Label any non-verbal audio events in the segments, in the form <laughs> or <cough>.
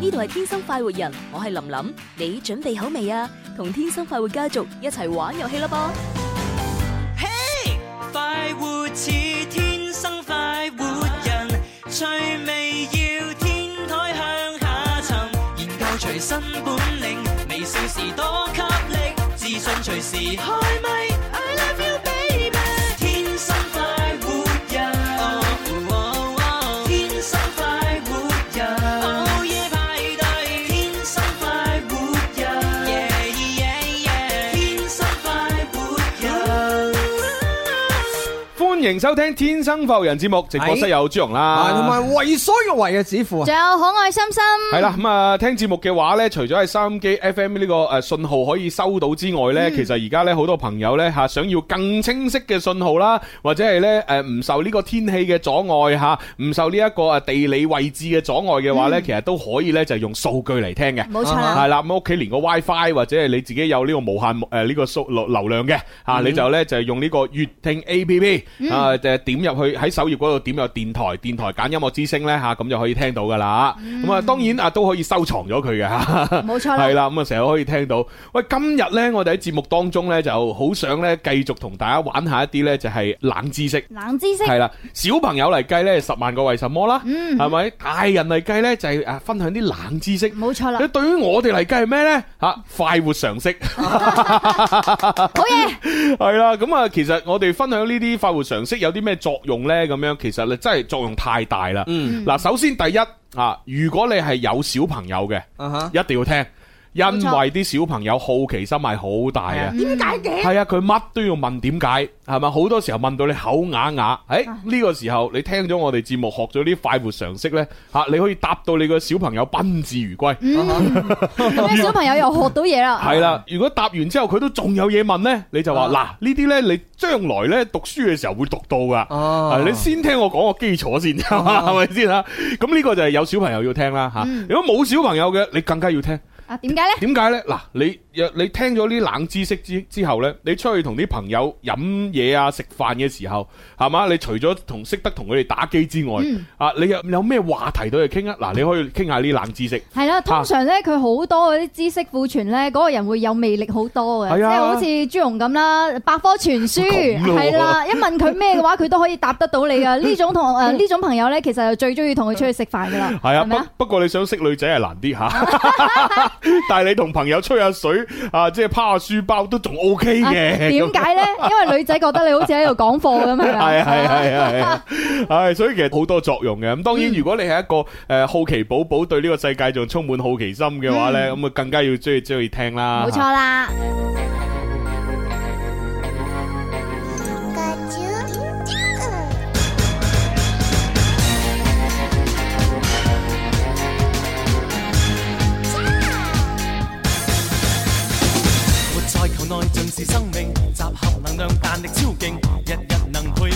呢度係天生快活人，我係琳琳，你準備好未啊？同天生快活家族一齊玩遊戲啦噃！嘿，Hey, Hey. 快活似天生快活人，趣味、ah. 要天台向下沉，研究隨身本領，微笑時多給力，自信隨時開咪。歡迎收聽《天生浮人》節目，直播室有朱容啦，同埋為所欲為嘅紙符，仲有可愛心心。係啦，咁啊，聽節目嘅話咧，除咗係收音機 FM 呢個誒信號可以收到之外咧，其實而家咧好多朋友咧吓想要更清晰嘅信號啦，或者係咧誒唔受呢個天氣嘅阻礙吓，唔受呢一個誒地理位置嘅阻礙嘅話咧，其實都可以咧就係用數據嚟聽嘅。冇錯，係啦，咁屋企連個 WiFi 或者係你自己有呢個無限誒呢個數流流量嘅吓，你就咧就係用呢個悅聽 APP。誒，就點入去喺首頁嗰度點入電台，電台揀音樂之聲咧吓，咁就可以聽到噶啦。咁啊，當然啊，都可以收藏咗佢嘅吓。冇錯。係啦，咁啊，成日可以聽到。喂，今日咧，我哋喺節目當中咧，就好想咧繼續同大家玩下一啲咧，就係冷知識。冷知識。係啦，小朋友嚟計咧，十萬個為什麼啦，係咪？大人嚟計咧，就係誒分享啲冷知識。冇錯啦。咁對於我哋嚟計係咩咧？吓，快活常識。好嘢。係啦，咁啊，其實我哋分享呢啲快活常識。即有啲咩作用咧？咁樣其實咧真係作用太大啦。嗱、嗯，首先第一啊，如果你係有小朋友嘅，uh huh. 一定要聽。因為啲小朋友好奇心係好大嘅，點解嘅？係啊，佢乜都要問點解，係咪？好多時候問到你口啞啞，誒呢個時候你聽咗我哋節目學咗啲快活常識呢，吓你可以答到你個小朋友賓至如歸，咁樣小朋友又學到嘢啦。係啦，如果答完之後佢都仲有嘢問呢，你就話嗱呢啲呢，你將來呢讀書嘅時候會讀到噶。哦，你先聽我講個基礎先，係咪先啊？咁呢個就係有小朋友要聽啦，吓如果冇小朋友嘅，你更加要聽。啊？點解咧？點解咧？嗱，啊，你。你聽咗啲冷知識之之後呢，你出去同啲朋友飲嘢啊、食飯嘅時候，係嘛？你除咗同識得同佢哋打機之外、嗯啊，啊，你有咩話題對佢傾啊？嗱，你可以傾下啲冷知識。係啦、啊，通常呢，佢好、啊、多嗰啲知識庫存呢，嗰、嗰個人會有魅力多是、啊、好多嘅，即係好似朱容咁啦，百科全書係啦樣、啊啊，一問佢咩嘅話，佢都可以答得到你嘅。呢 <laughs> 種同誒呢種朋友呢，其實就最中意同佢出去食飯㗎啦。係啊，嗎不不過你想識女仔係難啲嚇，啊、 <laughs> 但係你同朋友吹下水。啊，即係趴下書包都仲 O K 嘅，點解呢？因為女仔覺得你好似喺度講課咁啊！係係係係，係所以其實好多作用嘅。咁當然，如果你係一個誒好奇寶寶，對呢個世界仲充滿好奇心嘅話呢，咁啊更加要追追去聽啦。冇錯啦。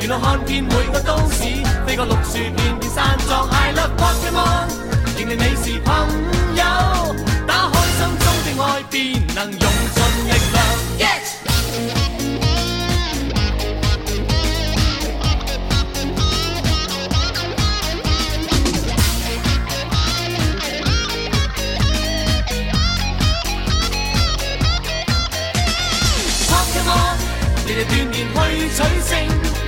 沿路看見每個都市，飛過綠樹片片山莊，I love Pokemon，認定你是朋友，打開心中的愛，便能用盡力量。Yeah! Yeah! Pokemon 日日鍛鍊去取勝。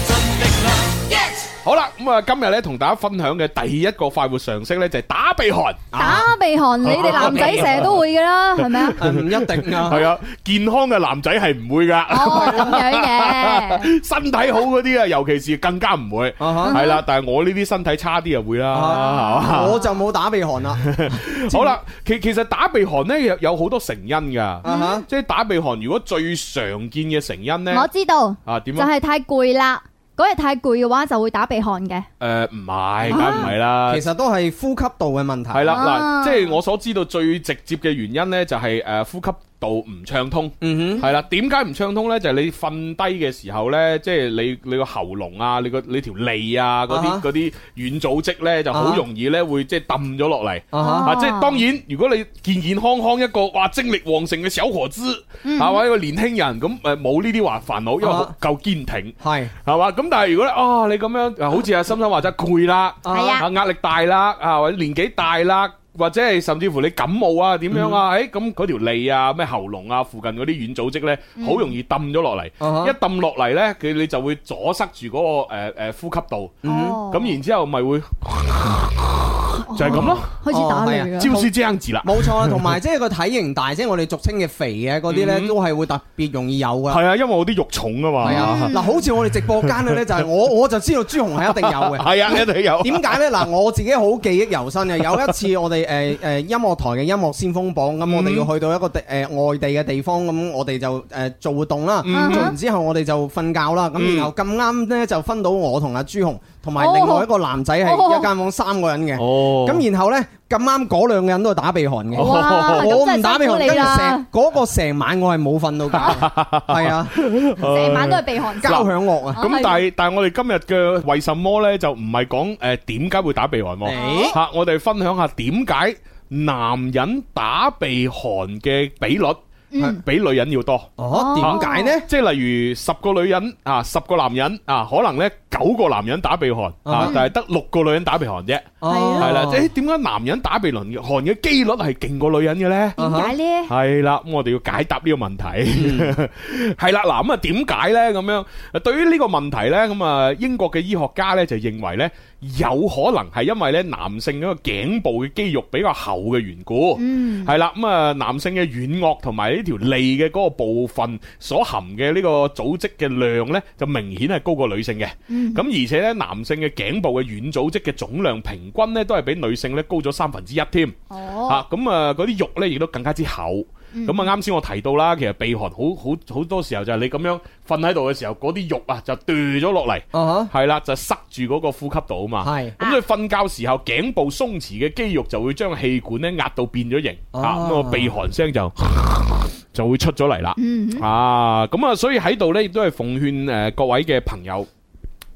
好啦，咁啊，今日咧同大家分享嘅第一個快活常識咧就係打鼻鼾。打鼻鼾你哋男仔成日都會噶啦，係咪啊？唔一定啊，係啊，健康嘅男仔係唔會噶。咁樣嘅，身體好嗰啲啊，尤其是更加唔會。係啦，但係我呢啲身體差啲啊會啦。我就冇打鼻鼾啦。好啦，其其實打鼻鼾咧有有好多成因噶。即係打鼻鼾，如果最常見嘅成因咧，我知道啊，點就係太攰啦。如果係太攰嘅話，就會打鼻鼾嘅。誒、呃，唔係，梗唔係啦。啊、其實都係呼吸道嘅問題。係的、啊、啦，嗱，即係我所知道最直接嘅原因咧、就係，就係誒呼吸。度唔暢通，係啦、嗯哼，點解唔暢通咧？就係、是、你瞓低嘅時候咧，即、就、係、是、你你個喉嚨啊，你個你條脷啊，嗰啲啲軟組織咧，就好容易咧會、啊、哈即係揼咗落嚟啊！即係當然，如果你健健康康一個哇精力旺盛嘅小伙子，或者、嗯、哼一個年輕人，咁誒冇呢啲話煩惱，因為夠堅挺，係係嘛咁。但係如果咧啊、哦，你咁樣好似阿心心話齋攰啦，啊、哈壓力大啦，啊或者年紀大啦。或者係甚至乎你感冒啊，點樣啊？誒，咁嗰條脷啊，咩喉嚨啊，附近嗰啲軟組織咧，好容易抌咗落嚟。一抌落嚟咧，佢你就會阻塞住嗰個誒誒呼吸道。咁然之後咪會就係咁咯，開始打雷啦，招之即應字啦。冇錯，同埋即係個體型大，即係我哋俗稱嘅肥嘅嗰啲咧，都係會特別容易有嘅。係啊，因為我啲肉重啊嘛。係啊，嗱，好似我哋直播間咧，就係我我就知道豬紅係一定有嘅。係啊，一定有。點解咧？嗱，我自己好記憶猶新嘅，有一次我哋。誒誒，音樂台嘅音樂先鋒榜，咁、嗯、我哋要去到一個地誒、呃、外地嘅地方，咁我哋就誒、呃、做活動啦。Uh huh. 做完之後我，我哋就瞓覺啦。咁然後咁啱咧，就分到我同阿朱紅，同埋另外一個男仔係一間房三個人嘅。咁、oh, oh. oh. 然後呢。咁啱嗰兩個人都係打鼻鼾嘅，我唔打鼻鼾你啦。嗰個成晚我係冇瞓到覺，係啊，成晚都係鼻鼾交響樂啊。咁但係但係我哋今日嘅為什麼咧就唔係講誒點解會打鼻鼾喎？吓，我哋分享下點解男人打鼻鼾嘅比率。嗯，比女人要多哦，點解呢？即係例如十個女人啊，十個男人啊，可能咧九個男人打鼻鼾啊，但係得六個女人打鼻鼾啫。係咯，係啦，即係點解男人打鼻鼾嘅幾率係勁過女人嘅咧？點解咧？係啦，咁我哋要解答呢個問題。係啦，嗱咁啊，點解咧？咁樣，對於呢個問題咧，咁啊，英國嘅醫學家咧就認為咧。有可能係因為咧男性嗰個頸部嘅肌肉比較厚嘅緣故，係啦、嗯，咁啊、嗯、男性嘅軟腭同埋呢條脷嘅嗰個部分所含嘅呢個組織嘅量咧，就明顯係高過女性嘅，咁、嗯、而且咧男性嘅頸部嘅軟組織嘅總量平均咧都係比女性咧高咗三分之一添，嚇咁、哦、啊嗰啲、嗯、肉咧亦都更加之厚。咁啊！啱先、嗯、我提到啦，其實鼻鼾好好好，好多時候就係你咁樣瞓喺度嘅時候，嗰啲肉啊就掉咗落嚟，係、uh huh. 啦就塞住嗰個呼吸道啊嘛。咁所以瞓覺時候頸部鬆弛嘅肌肉就會將氣管咧壓到變咗形，咁、uh huh. 啊、嗰個、鼻鼾聲就、uh huh. 就會出咗嚟啦。Uh huh. 啊，咁啊所以喺度呢亦都係奉勸誒、呃、各位嘅朋友，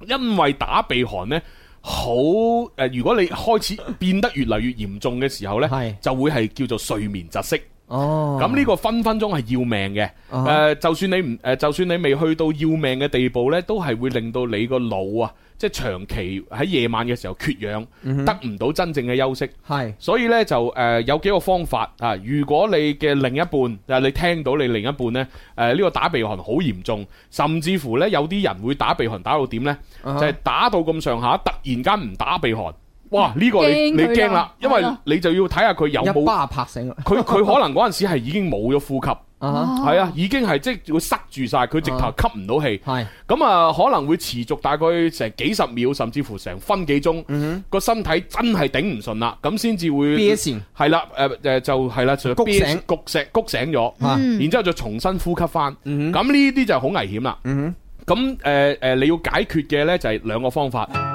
因為打鼻鼾呢，好誒、呃，如果你開始變得越嚟越嚴重嘅時候呢， <laughs> 就會係叫做睡眠窒息。哦，咁呢個分分鐘係要命嘅。誒、uh huh. uh, 就算你唔，誒、uh, 就算你未去到要命嘅地步呢，都係會令到你個腦啊，即係長期喺夜晚嘅時候缺氧，uh huh. 得唔到真正嘅休息。係、uh huh. 所以呢，就、uh, 誒有幾個方法啊。Uh, 如果你嘅另一半，誒、uh, 你聽到你另一半呢，誒、uh, 呢個打鼻鼾好嚴重，甚至乎呢，有啲人會打鼻鼾打到點呢？Uh huh. 就係打到咁上下，突然間唔打鼻鼾。哇！呢個你你驚啦，因為你就要睇下佢有冇巴拍醒佢。佢可能嗰陣時係已經冇咗呼吸，係啊，已經係即係會塞住晒，佢直頭吸唔到氣。係咁啊，可能會持續大概成幾十秒，甚至乎成分幾鐘。個身體真係頂唔順啦，咁先至會係啦。誒誒，就係啦，就焗醒焗醒焗醒咗，然之後就重新呼吸翻。咁呢啲就好危險啦。咁誒誒，你要解決嘅呢，就係兩個方法。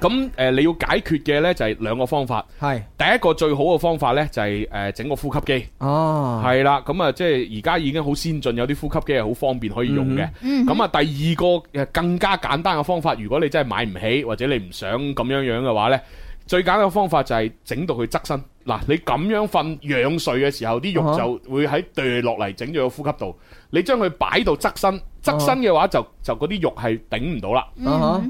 咁誒，你要解決嘅咧就係兩個方法。係，第一個最好嘅方法咧就係誒整個呼吸機。哦，係啦，咁啊，即係而家已經好先進，有啲呼吸機係好方便可以用嘅。咁啊，第二個誒更加簡單嘅方法，如果你真係買唔起或者你唔想咁樣樣嘅話咧，最簡單嘅方法就係整到佢側身。嗱，你咁樣瞓仰睡嘅時候，啲肉就會喺墜落嚟，整咗個呼吸道。你將佢擺到側身。側身嘅話就就嗰啲肉係頂唔到啦，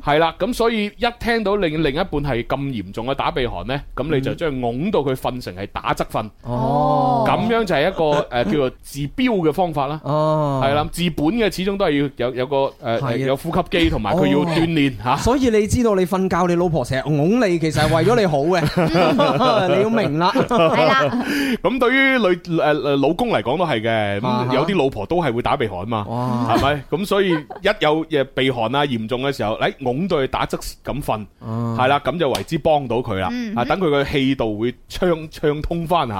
係啦，咁所以一聽到另另一半係咁嚴重嘅打鼻鼾呢，咁你就將佢拱到佢瞓成係打側瞓，咁樣就係一個誒叫做治標嘅方法啦，係啦，治本嘅始終都係要有有個誒有呼吸機同埋佢要鍛煉吓，所以你知道你瞓覺你老婆成日拱你，其實係為咗你好嘅，你要明啦。係啦，咁對於女誒老公嚟講都係嘅，有啲老婆都係會打鼻鼾嘛，係咪？咁 <laughs> 所以一有嘢鼻鼾啊嚴重嘅時候，誒，到去打側咁瞓，係啦、啊，咁就為之幫到佢啦、嗯哼啊 <laughs> 哎。啊，等佢個氣道會暢暢通翻吓。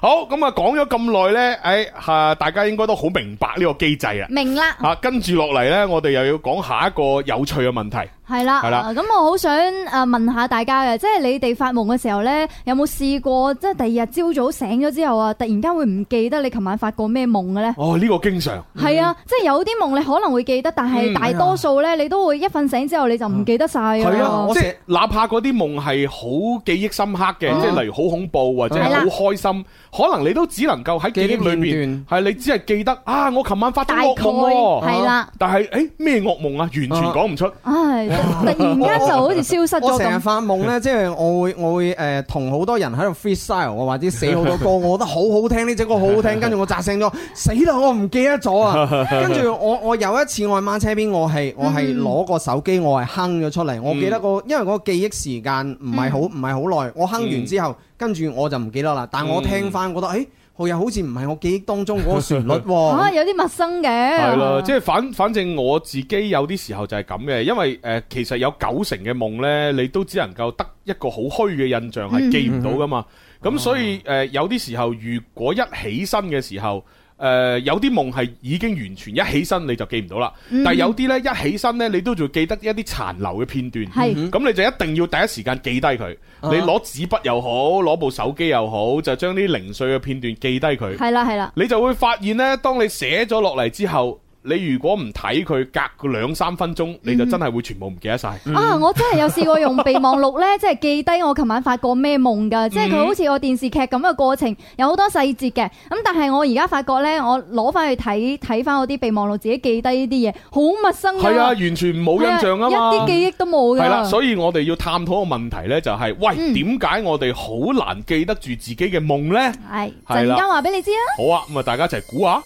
好，咁啊講咗咁耐呢，誒，吓大家應該都好明白呢個機制啊。明啦。吓，跟住落嚟呢，我哋又要講下一個有趣嘅問題。係啦，咁我好想誒問下大家嘅，即係你哋發夢嘅時候咧，有冇試過即係第二日朝早醒咗之後啊，突然間會唔記得你琴晚發過咩夢嘅咧？哦，呢個經常係啊，即係有啲夢你可能會記得，但係大多數咧你都會一瞓醒之後你就唔記得晒㗎。係啊，即係哪怕嗰啲夢係好記憶深刻嘅，即係例如好恐怖或者係好開心，可能你都只能夠喺記憶裏邊。係，你只係記得啊，我琴晚發大惡夢係啦，但係誒咩惡夢啊，完全講唔出。係。突然間就好似消失咗，成日發夢咧，呢 <laughs> 即係我，我會我會誒同好多人喺度 freestyle，我或者寫好多歌，我覺得好好聽，呢隻 <laughs> 歌好好聽。跟住我扎醒咗，死啦！我唔記得咗啊！跟住我我有一次我喺馬車邊，我係我係攞個手機，我係哼咗出嚟。嗯、我記得我、那個、因為個記憶時間唔係好唔係好耐，我哼完之後，跟住、嗯、我就唔記得啦。但我聽翻覺得誒。嗯又好似唔係我記憶當中嗰個旋律喎，有啲陌生嘅。係咯，即係反反正我自己有啲時候就係咁嘅，因為誒、呃、其實有九成嘅夢呢，你都只能夠得一個好虛嘅印象係 <laughs> 記唔到噶嘛。咁所以誒、呃、有啲時候，如果一起身嘅時候，誒、呃、有啲夢係已經完全一起身你就記唔到啦，但係有啲呢一起身呢你都仲記得一啲殘留嘅片段，咁的、嗯、你就一定要第一時間記低佢。你攞紙筆又好，攞部手機又好，就將啲零碎嘅片段記低佢。係啦係啦，你就會發現呢，當你寫咗落嚟之後，你如果唔睇佢，隔兩三分鐘，你就真係會全部唔記得晒。嗯、啊！我真係有試過用備忘錄呢 <laughs> 即係記低我琴晚發過咩夢噶，嗯、即係佢好似個電視劇咁嘅過程，有好多細節嘅。咁但係我而家發覺呢，我攞翻去睇，睇翻我啲備忘錄，自己記低呢啲嘢，好陌生嘅。係啊，完全冇印象啊，一啲記憶都冇嘅。係啦、啊，所以我哋要探討個問題呢、就是，就係喂，點解、嗯、我哋好難記得住自己嘅夢呢？係陣間話俾你知啊！好啊，咁啊，大家一齊估下。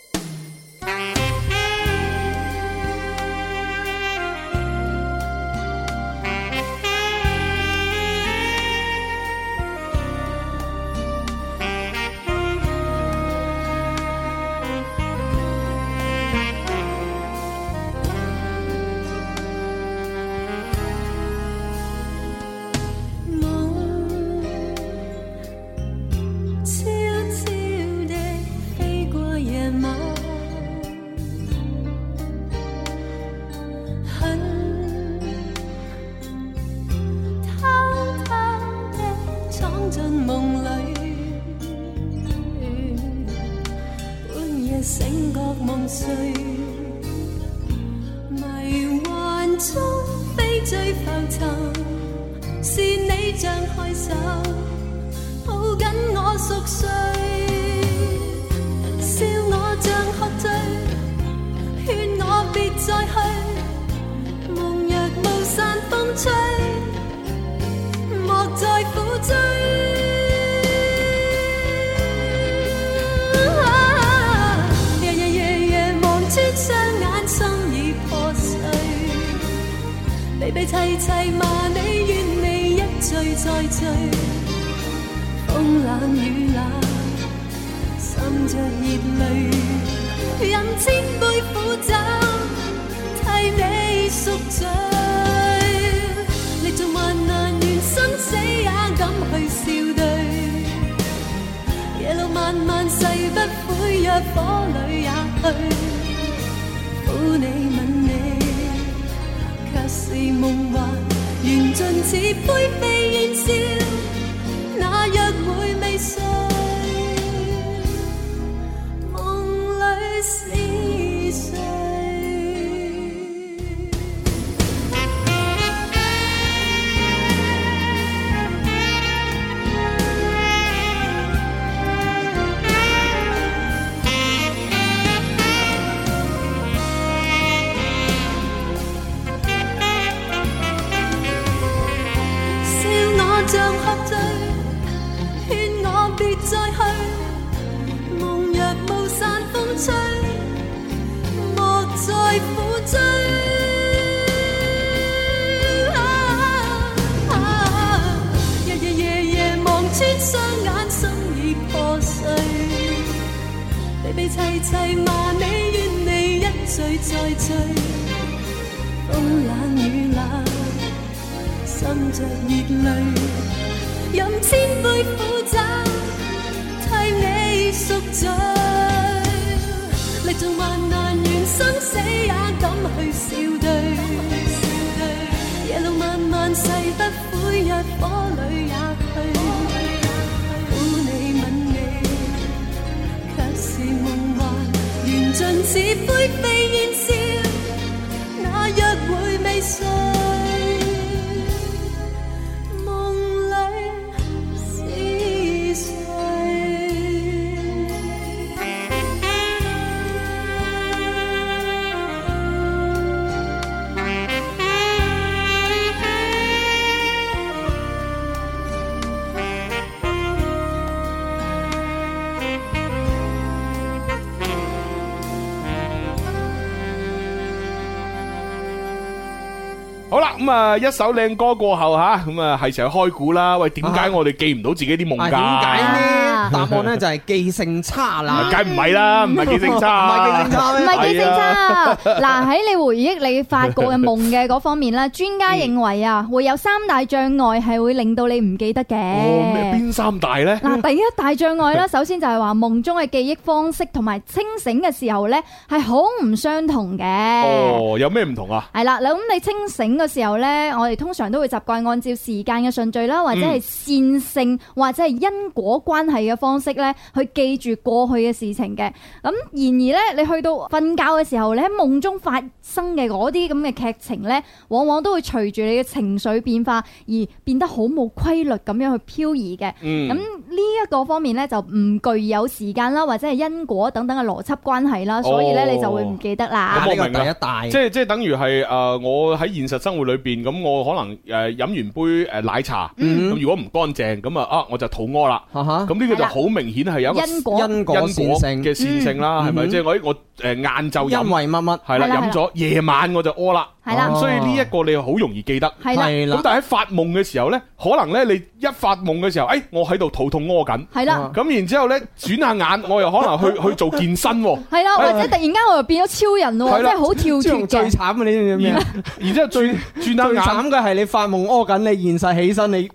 咁啊，一首靚歌過後吓，咁啊係時候開鼓啦。喂，點解我哋記唔到自己啲夢噶？啊答案咧就係記性差啦，梗唔係啦，唔係記性差，哦，唔係記性差咩？唔係記性差。嗱，喺你回憶你發過嘅夢嘅嗰方面咧，專家認為啊，會有三大障礙係會令到你唔記得嘅。哦，邊三大咧？嗱，第一大障礙咧，首先就係話夢中嘅記憶方式同埋清醒嘅時候咧係好唔相同嘅。哦，有咩唔同啊？係啦，咁你清醒嘅時候咧，我哋通常都會習慣按照時間嘅順序啦，或者係線性，或者係因果關係嘅方式咧去記住過去嘅事情嘅，咁然而咧你去到瞓覺嘅時候，你喺夢中發生嘅嗰啲咁嘅劇情咧，往往都會隨住你嘅情緒變化而變得好冇規律咁樣去漂移嘅。嗯。咁呢一個方面咧就唔具有時間啦，或者係因果等等嘅邏輯關係啦，所以咧你就會唔記得啦。咁、哦、我明白、啊呢個、第一大，即係即係等於係誒，我喺現實生活裏邊咁，我可能誒飲完杯誒奶茶，咁、嗯、如果唔乾淨咁啊，我就肚屙啦。嚇。咁呢個就～好明顯係有一個因果，因果善性嘅線性啦，係咪？即係我我誒晏晝飲，因為乜乜係啦，飲咗夜晚我就屙啦。係啦，所以呢一個你又好容易記得，係啦。咁但係喺發夢嘅時候咧，可能咧你一發夢嘅時候，誒，我喺度肚痛屙緊，係啦。咁然之後咧，轉下眼，我又可能去去做健身，係啦，或者突然間我又變咗超人，即係好跳脫嘅。最慘啊！你知唔知？然之後轉轉下眼嘅係你發夢屙緊，你現實起身你。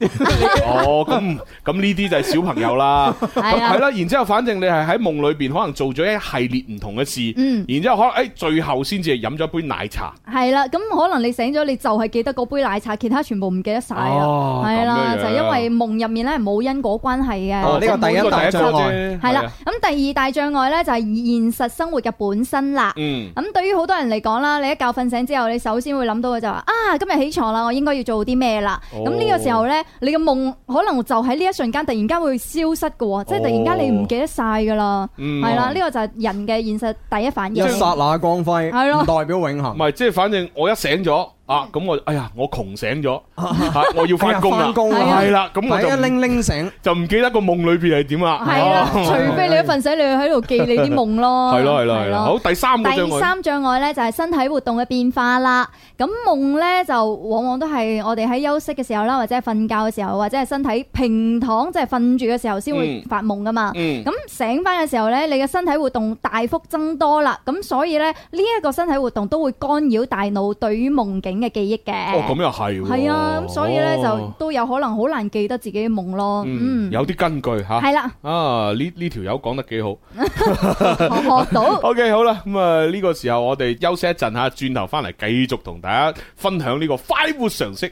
哦，咁咁呢啲就係小朋友啦，係啦。然之後反正你係喺夢裏邊可能做咗一系列唔同嘅事，嗯，然之後可能誒，最後先至係飲咗杯奶茶。係啦。咁可能你醒咗，你就係記得嗰杯奶茶，其他全部唔記得晒。啊！係啦，就因為夢入面咧冇因果關係嘅。呢個第一大障礙。係啦，咁第二大障礙咧就係現實生活嘅本身啦。咁對於好多人嚟講啦，你一覺瞓醒之後，你首先會諗到嘅就話：啊，今日起床啦，我應該要做啲咩啦？咁呢個時候咧，你嘅夢可能就喺呢一瞬間突然間會消失嘅喎，即係突然間你唔記得晒嘅啦。嗯。係啦，呢個就係人嘅現實第一反應。一剎那光輝係代表永恆。唔係，即係反正我一醒咗。啊，咁我哎呀，我窮醒咗，我要翻工啦，係啦，咁我一拎拎醒，就唔記得個夢裏邊係點啊。除非你瞓醒，你喺度記你啲夢咯。係啦係啦係啦。好，第三個障礙，第三障礙咧就係身體活動嘅變化啦。咁夢咧就往往都係我哋喺休息嘅時候啦，或者係瞓覺嘅時候，或者係身體平躺即係瞓住嘅時候先會發夢噶嘛。咁醒翻嘅時候咧，你嘅身體活動大幅增多啦。咁所以咧呢一個身體活動都會干擾大腦對於夢境。嘅記憶嘅，哦，咁又係，係啊，咁所以咧就都有可能好難記得自己嘅夢咯，嗯，嗯，有啲根據吓，係啦，啊，呢呢條友講得幾好，我學到，OK，好啦，咁啊呢個時候我哋休息一陣吓，轉頭翻嚟繼續同大家分享呢個快活常識。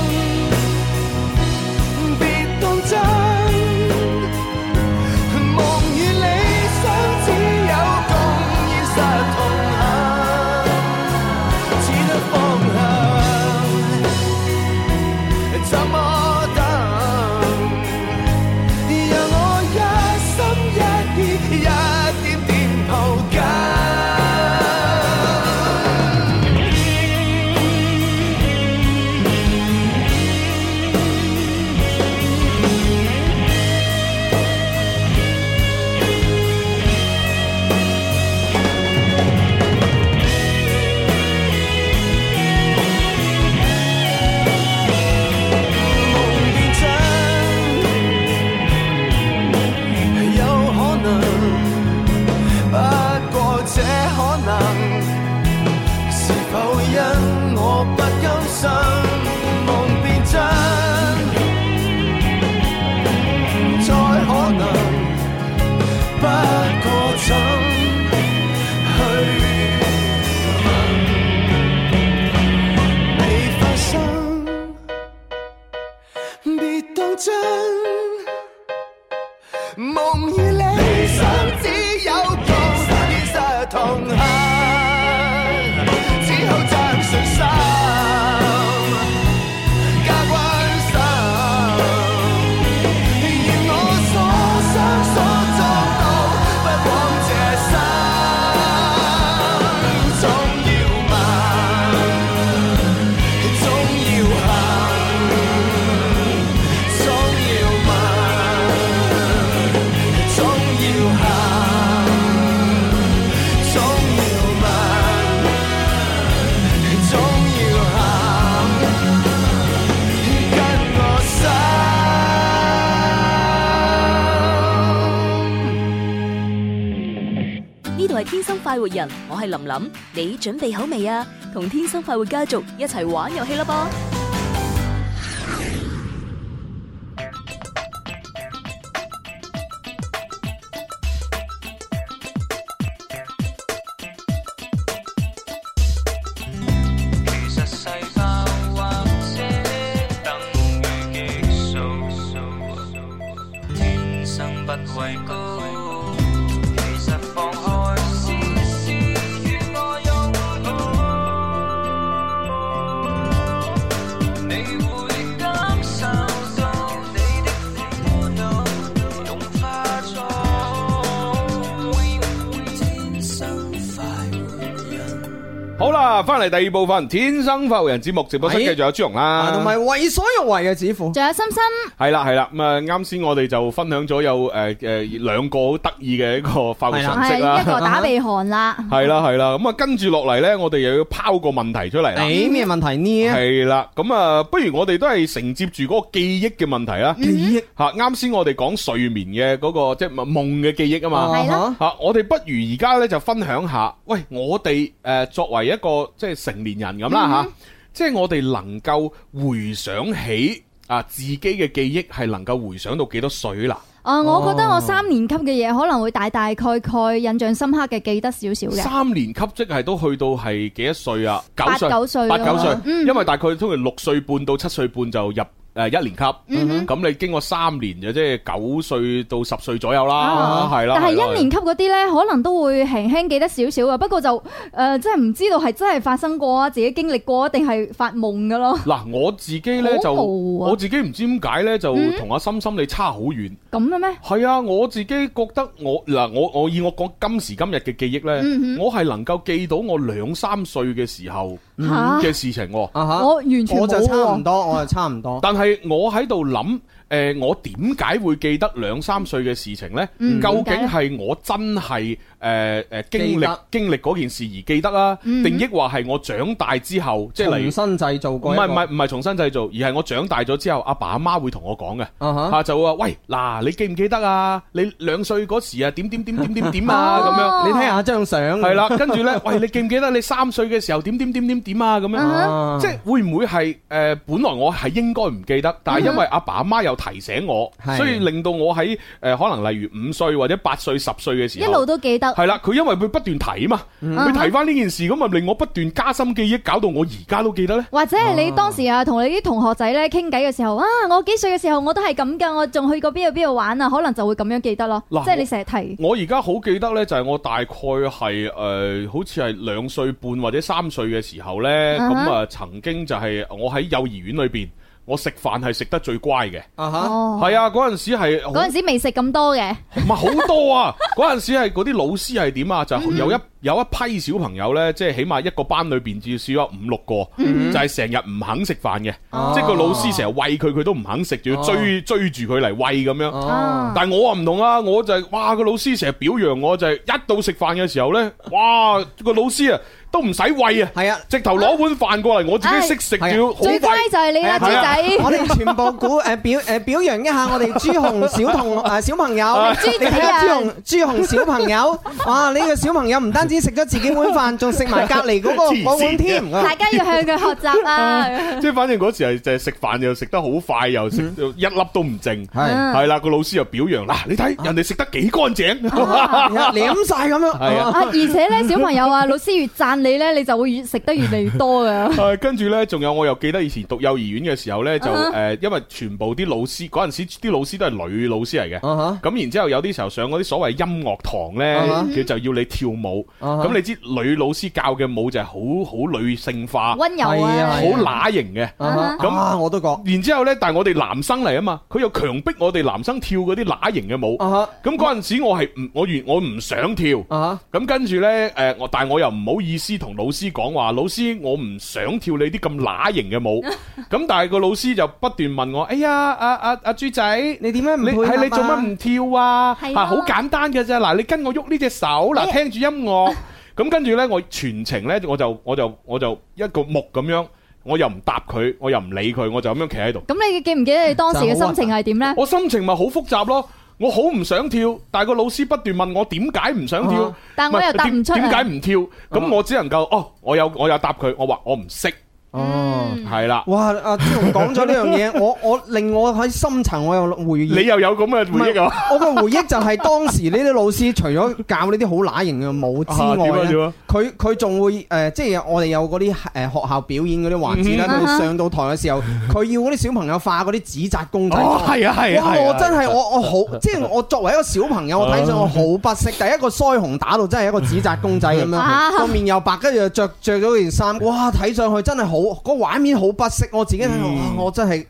係琳琳，你準備好未啊？同天生快活家族一齊玩遊戲啦噃！係第二部分，天生浮人節目直播室繼續有朱容啦，同埋、啊、為所欲為嘅指虎，仲有心心。係啦係啦咁啊！啱先我哋就分享咗有誒誒兩個好得意嘅一個發掘常識啦，係一個打鼻鼾啦。係啦係啦，咁啊跟住落嚟咧，嗯、我哋又要拋個問題出嚟啦。誒咩、欸、問題呢？係啦，咁、嗯、啊，不如我哋都係承接住嗰個記憶嘅問題啦。記憶吓，啱先我哋講睡眠嘅嗰個即係夢嘅記憶啊嘛。係咯。吓，我哋不如而家咧就分享下，喂，我哋誒作為一個即係成年人咁啦吓，嗯、即係我哋能夠回想起。啊！自己嘅記憶係能夠回想到幾多歲啦？啊、嗯，我覺得我三年級嘅嘢、哦、可能會大大概概概，印象深刻嘅記得少少嘅。三年級即係都去到係幾多歲啊？八九歲。八、九歲、八九歲，嗯、因為大概通常六歲半到七歲半就入。誒、呃，一年級咁、嗯、哼你經過三年就即、是、係九歲到十歲左右啦，啊、了但係一年級嗰啲呢，的可能都會輕輕記得少少嘅，不過就誒、呃，即係唔知道係真係發生過啊，自己經歷過定係發夢嘅咯。嗱，我自己呢，就、啊、我自己唔知點解呢，就同阿心心你差好遠。咁嘅咩？係啊，我自己覺得我嗱我我，我，我以我講今時今日嘅記憶呢，嗯、哼我係能夠記到我兩三歲嘅時候。嘅、嗯、事情，uh、huh，我完全我就差唔多，我就差唔多。 <laughs> 但係我喺度諗，誒、呃，我點解會記得兩三歲嘅事情咧？嗯、究竟係我真係？誒誒經歷經歷嗰件事而記得啊，定義話係我長大之後即係重新製造過。唔係唔係唔係重新製造，而係我長大咗之後，阿爸阿媽會同我講嘅嚇，就會話：喂，嗱，你記唔記得啊？你兩歲嗰時啊，點點點點點點啊咁樣。你睇下張相。係啦，跟住咧，喂，你記唔記得你三歲嘅時候點點點點點啊咁樣？即係會唔會係誒？本來我係應該唔記得，但係因為阿爸阿媽又提醒我，所以令到我喺誒可能例如五歲或者八歲十歲嘅時候一路都記得。係啦，佢因為會不斷提嘛，佢、嗯、哼提翻呢件事咁啊，令我不斷加深記憶，搞到我而家都記得呢？或者係你當時啊，同你啲同學仔咧傾偈嘅時候啊,啊，我幾歲嘅時候我都係咁噶，我仲去過邊度邊度玩啊，可能就會咁樣記得咯。嘩即係你成日提我。我而家好記得呢，就係我大概係誒、呃，好似係兩歲半或者三歲嘅時候呢。咁、嗯、哼啊，曾經就係我喺幼兒園裏邊。我食飯係食得最乖嘅，係、uh huh. 啊，嗰陣時係嗰陣時未食咁多嘅，唔係好多啊。嗰陣時係嗰啲老師係點啊？就是、有一、mm hmm. 有一批小朋友咧，即、就、係、是、起碼一個班裏邊至少有五六個，mm hmm. 就係成日唔肯食飯嘅。Uh huh. 即係個老師成日餵佢，佢都唔肯食，就要追、uh huh. 追住佢嚟餵咁樣。Uh huh. 但係我啊唔同啊，我就係、是、哇個老師成日表揚我，就係、是、一到食飯嘅時候咧，哇個老師啊！都唔使喂啊！係啊，直頭攞碗飯過嚟，我自己識食嘅。最乖就係你啊，豬仔！我哋全部估，誒表誒表揚一下我哋朱紅小同誒小朋友。你睇下，朱紅朱紅小朋友，哇！你個小朋友唔單止食咗自己碗飯，仲食埋隔籬嗰個碗添。大家要向佢學習啊！即係反正嗰時係就係食飯又食得好快，又一粒都唔剩。係係啦，個老師又表揚嗱，你睇人哋食得幾乾淨，舐晒咁樣。啊！而且咧，小朋友啊，老師越讚。你咧，你就會越食得越嚟越多㗎。誒，跟住咧，仲有我又記得以前讀幼兒園嘅時候咧，就誒，因為全部啲老師嗰陣時啲老師都係女老師嚟嘅。咁然之後有啲時候上嗰啲所謂音樂堂咧，佢就要你跳舞。咁你知女老師教嘅舞就係好好女性化、溫柔啊，好乸型嘅。咁我都講。然之後咧，但係我哋男生嚟啊嘛，佢又強逼我哋男生跳嗰啲乸型嘅舞。咁嗰陣時我係唔我越我唔想跳。咁跟住咧誒，但係我又唔好意思。同老師講話，老師我唔想跳你啲咁乸型嘅舞。咁 <laughs> 但係個老師就不斷問我，哎呀，阿阿阿豬仔，你點解唔，你係你做乜唔跳啊？啊，好簡單嘅啫，嗱，你跟我喐呢隻手，嗱，聽住音樂。咁跟住呢，我全程呢，我就我就我就一個目咁樣，我又唔答佢，我又唔理佢，我就咁樣企喺度。咁 <laughs> 你記唔記得你當時嘅心情係點呢？好啊、 <laughs> 我心情咪好複雜咯。我好唔想跳，但係個老師不斷問我點解唔想跳，哦，但我又答唔出點解唔跳，咁、哦、我只能夠哦，我有我有答佢，我話我唔識。哦，係啦！哇，阿天龍講咗呢樣嘢，我我令我喺深層我有回憶，你又有咁嘅回憶啊！我嘅回憶就係當時呢啲老師除咗教呢啲好乸型嘅舞之外，佢佢仲會誒，即係我哋有嗰啲誒學校表演嗰啲環節咧，上到台嘅時候，佢要嗰啲小朋友化嗰啲紙紮公仔。哦，係啊，係啊！哇，我真係我我好，即係我作為一個小朋友，我睇上去好不識，第一個腮紅打到真係一個紙紮公仔咁樣，個面又白，跟住又着着咗件衫，哇，睇上去真係好～那個畫面好不適，我自己，嗯、我，我真係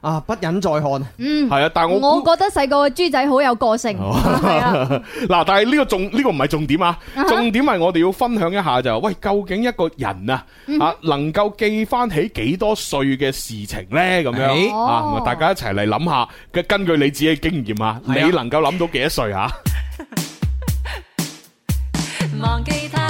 啊不忍再看。嗯，係啊我，但係我我覺得細個嘅豬仔好有個性。嗱、哦啊、啊、 <laughs> 但係呢個重呢，這個唔係重點啊，重點係我哋要分享一下就是，喂，究竟一個人啊啊能夠記翻起幾多歲嘅事情呢？咁樣，哦、啊，大家一齊嚟諗下根據你自己嘅經驗是啊，啊，你能夠諗到幾多歲啊？忘記他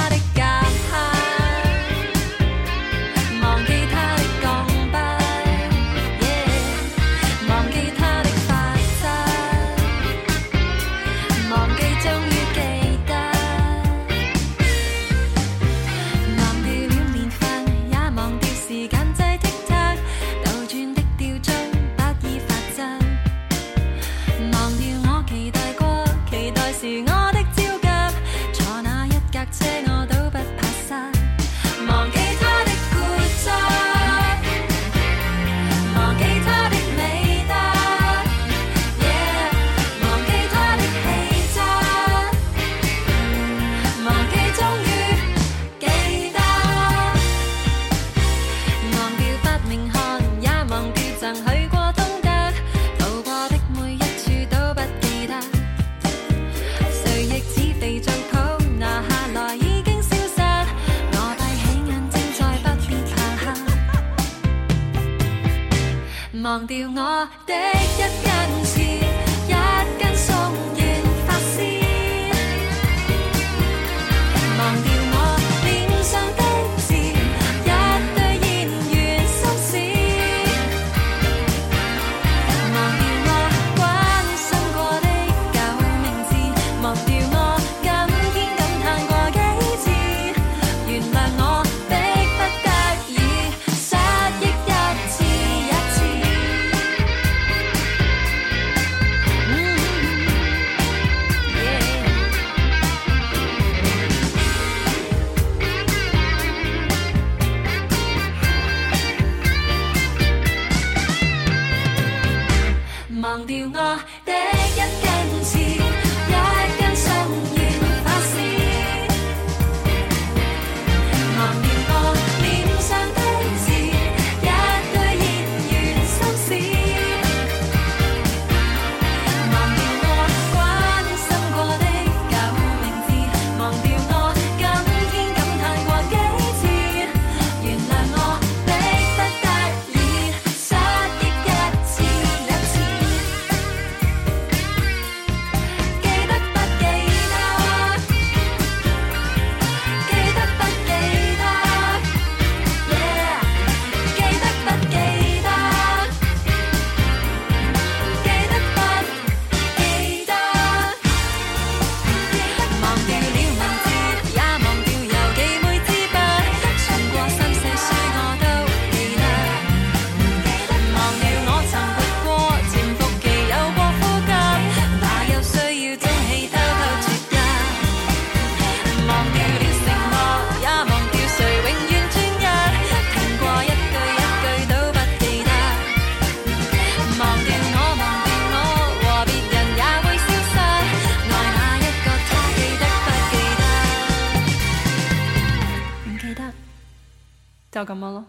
就咁樣咯。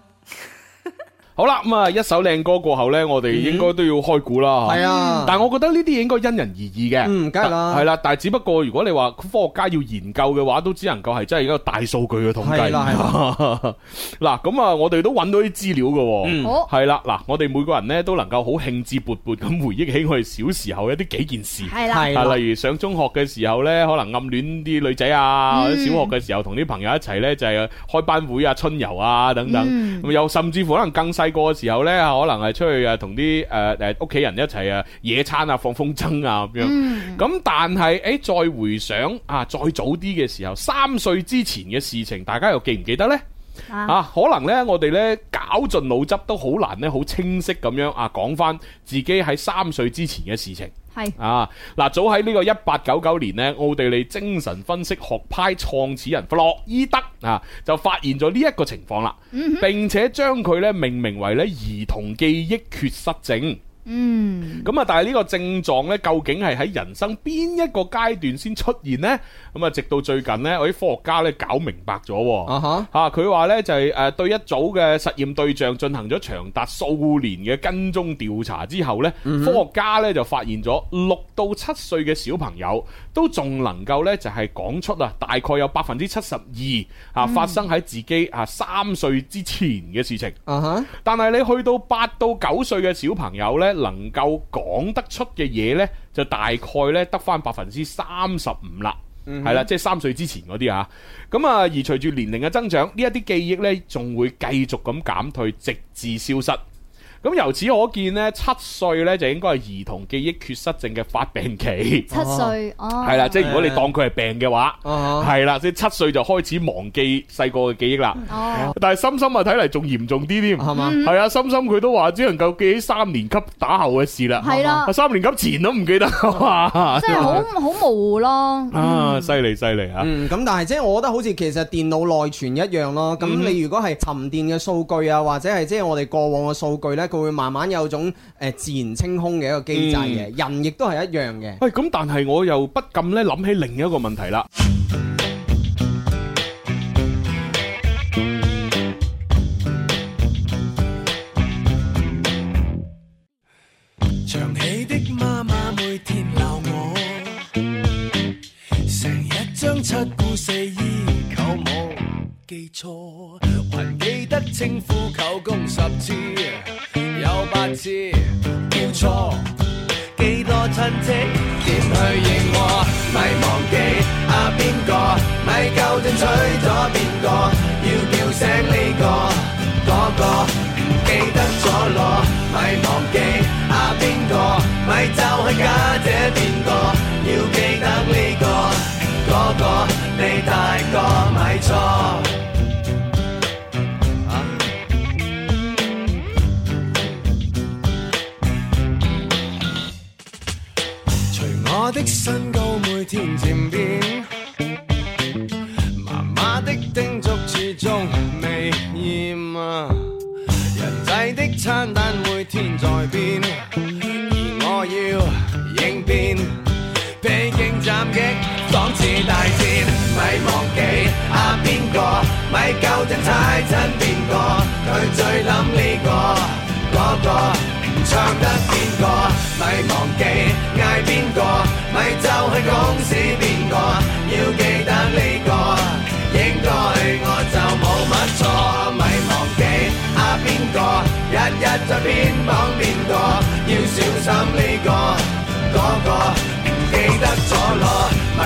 好啦，咁、嗯、啊，一首靚歌過後呢，我哋應該都要開估啦。係啊、嗯，但係我覺得呢啲應該因人而異嘅。嗯，梗係啦，啦。但係只不過如果你話科學家要研究嘅話，都只能夠係真係一個大數據嘅統計。嗱，咁啊、 <laughs> 嗯，我哋都搵到啲資料㗎。嗯、好。係啦，嗱，我哋每個人呢，都能夠好興致勃勃咁回憶起我哋小時候一啲幾件事。係例如上中學嘅時候呢，可能暗戀啲女仔啊，嗯、小學嘅時候同啲朋友一齊呢，就係、是、開班會啊、春遊啊等等。咁、嗯、又甚至乎可能更細。細個嘅時候呢，可能係出去啊，同啲誒誒屋企人一齊啊野餐啊，放風箏啊咁樣。咁、嗯、但係誒、欸，再回想啊，再早啲嘅時候，三歲之前嘅事情，大家又記唔記得呢？啊，可能咧，我哋咧絞盡腦汁都好難咧，好清晰咁樣是啊，講翻自己喺三歲之前嘅事情係啊，嗱，早喺呢個一八九九年呢，奧地利精神分析學派創始人弗洛伊德啊，就發現咗呢一個情況啦，嗯、哼並且將佢咧命名為咧兒童記憶缺失症。嗯，咁啊，但係呢個症狀呢，究竟係喺人生邊一個階段先出現呢？咁啊，直到最近呢，我啲科學家咧搞明白咗。啊吓佢話呢，就係誒，對一組嘅實驗對象進行咗長達數年嘅跟蹤調查之後呢，uh huh. 科學家呢，就發現咗六到七歲嘅小朋友，都仲能夠呢，就係講出啊，大概有百分之七十二啊，發生喺自己啊三歲之前嘅事情。嗯哼，但係你去到八到九歲嘅小朋友呢，能夠講得出嘅嘢呢，就大概呢得翻百分之三十五啦。嗯哼，係啦，即係三歲之前嗰啲啊。咁啊，而隨住年齡嘅增長，呢一啲記憶呢，仲會繼續咁減退，直至消失。咁由此可見咧，七歲咧就應該係兒童記憶缺失症嘅發病期。七歲，哦，係啦，即係如果你當佢係病嘅話，係啦，即係七歲就開始忘記細個嘅記憶啦。哦，但係心心啊，睇嚟仲嚴重啲添，係嘛？係啊，心心佢都話只能夠記起三年級打後嘅事啦。係啦，三年級前都唔記得啊嘛，即係好好模糊咯。啊，犀利犀利啊！咁但係即係我覺得好似其實電腦內存一樣咯。咁你如果係沉澱嘅數據啊，或者係即係我哋過往嘅數據咧。會慢慢有種誒、呃、自然清空嘅一個機制嘅，嗯、人亦都係一樣嘅。喂、哎，咁但係我又不禁咧諗起另一個問題啦。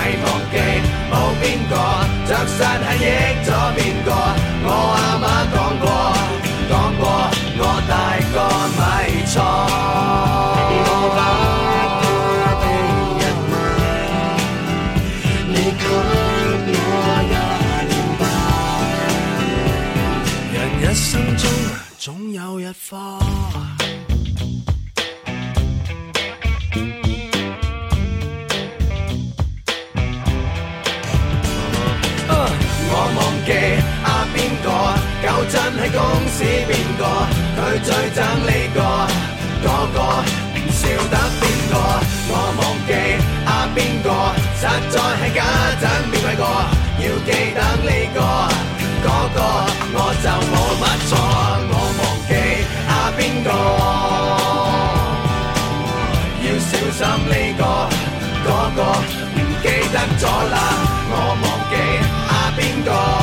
唔使忘記，無邊個著衫係益咗邊個。叫上呢個，嗰個，個，唔記得咗啦，我忘記啊邊個。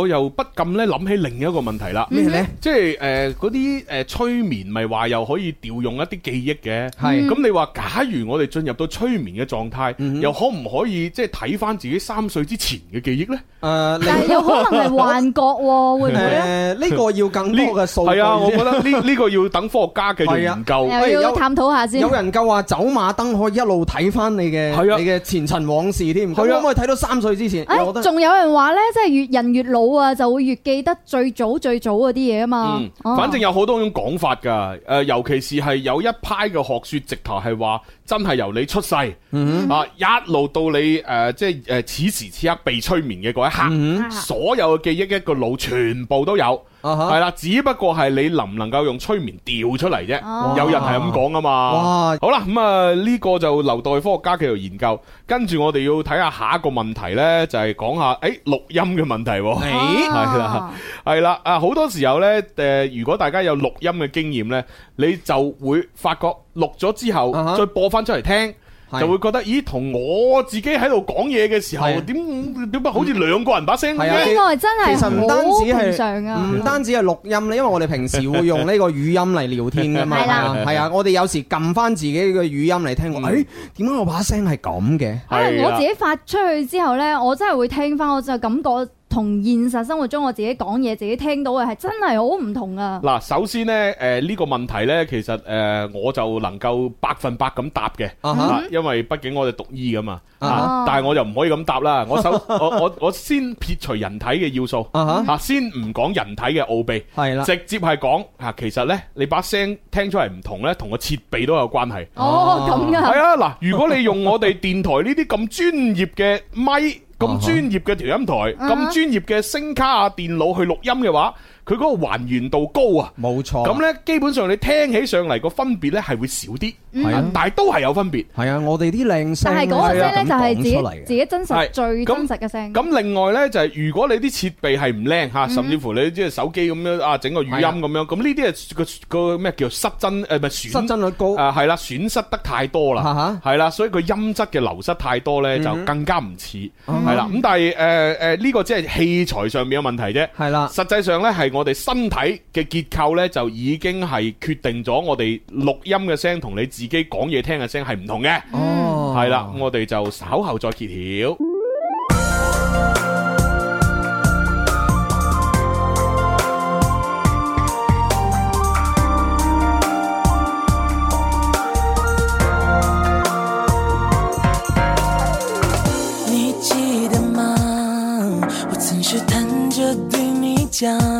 我又不禁咧諗起另一個問題啦，咩咧？即係誒嗰啲誒催眠，咪話又可以調用一啲記憶嘅。係，咁你話假如我哋進入到催眠嘅狀態，又可唔可以即係睇翻自己三歲之前嘅記憶咧？誒，但係有可能係幻覺喎，會唔會咧？誒，呢個要更多嘅數據。係啊，我覺得呢呢個要等科學家嘅研究，又要探討下先。有人夠話走馬燈可以一路睇翻你嘅你嘅前塵往事添，可唔可以睇到三歲之前？誒，仲有人話咧，即係越人越老。就會越記得最早最早嗰啲嘢啊嘛。嗯哦、反正有好多種講法㗎。誒、呃，尤其是係有一派嘅學説，直頭係話真係由你出世啊、嗯呃，一路到你誒、呃，即係此時此刻被催眠嘅嗰一刻，嗯、所有嘅記憶一個腦全部都有。係啦、uh huh.，只不過係你能唔能夠用催眠調出嚟啫，uh huh. 有人係咁講啊嘛。哇、uh，huh. 好啦，咁啊呢個就留待科學家繼續研究。跟住我哋要睇下下一個問題呢，就係、是、講下誒錄、欸、音嘅問題、啊。係啦、uh，係、huh. 啦，啊好多時候呢，誒、呃、如果大家有錄音嘅經驗呢，你就會發覺錄咗之後、uh huh. 再播翻出嚟聽。就會覺得，咦？同我自己喺度講嘢嘅時候，點點解好似兩個人把聲呢？另外真係其實唔單止係唔 <laughs> 單止係錄音咧，因為我哋平時會用呢個語音嚟聊天㗎嘛。係啦，係啊，我哋有時撳翻自己嘅語音嚟聽過，誒、 <laughs> 哎，點解我把聲係咁嘅？誒的，的我自己發出去之後咧，我真係會聽翻，我就感覺。同現實生活中我自己講嘢、自己聽到嘅係真係好唔同啊！嗱，首先呢，誒、這、呢個問題呢，其實誒我就能夠百分百咁答嘅，uh huh. 因為畢竟我哋讀醫噶嘛。Uh huh. 但係我就唔可以咁答啦。我首 <laughs> 我我先撇除人體嘅要素，嚇、uh huh. 先唔講人體嘅奧秘，係啦、uh，huh. 直接係講嚇。其實呢，你把聲聽出嚟唔同呢，同個設備都有關係。哦，咁噶。係啊，嗱，如果你用我哋電台呢啲咁專業嘅咪。咁專業嘅調音台，咁、uh huh. 專業嘅聲卡啊，電腦去錄音嘅話。佢嗰個還原度高啊，冇錯，咁咧基本上你聽起上嚟個分別咧係會少啲，係啊，但係都係有分別，係啊，我哋啲靚聲，但係個啲咧就係自己自己真實最真實嘅聲，咁另外咧就係如果你啲設備係唔靚吓，甚至乎你即係手機咁樣啊整個語音咁樣，咁呢啲係個個咩叫失真誒咪損失率高啊係啦，損失得太多啦，係啦，所以佢音質嘅流失太多咧就更加唔似係啦。咁但係誒誒呢個只係器材上面嘅問題啫，係啦，實際上咧係我。我哋身體嘅結構呢，就已經係決定咗我哋錄音嘅聲同你自己講嘢聽嘅聲係唔同嘅。哦、嗯，係啦，我哋就稍後再揭曉。嗯、你記得嗎？我曾試探着對你講。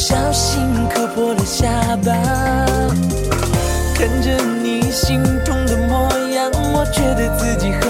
小心磕破了下巴，看着你心痛的模樣，我覺得自己很。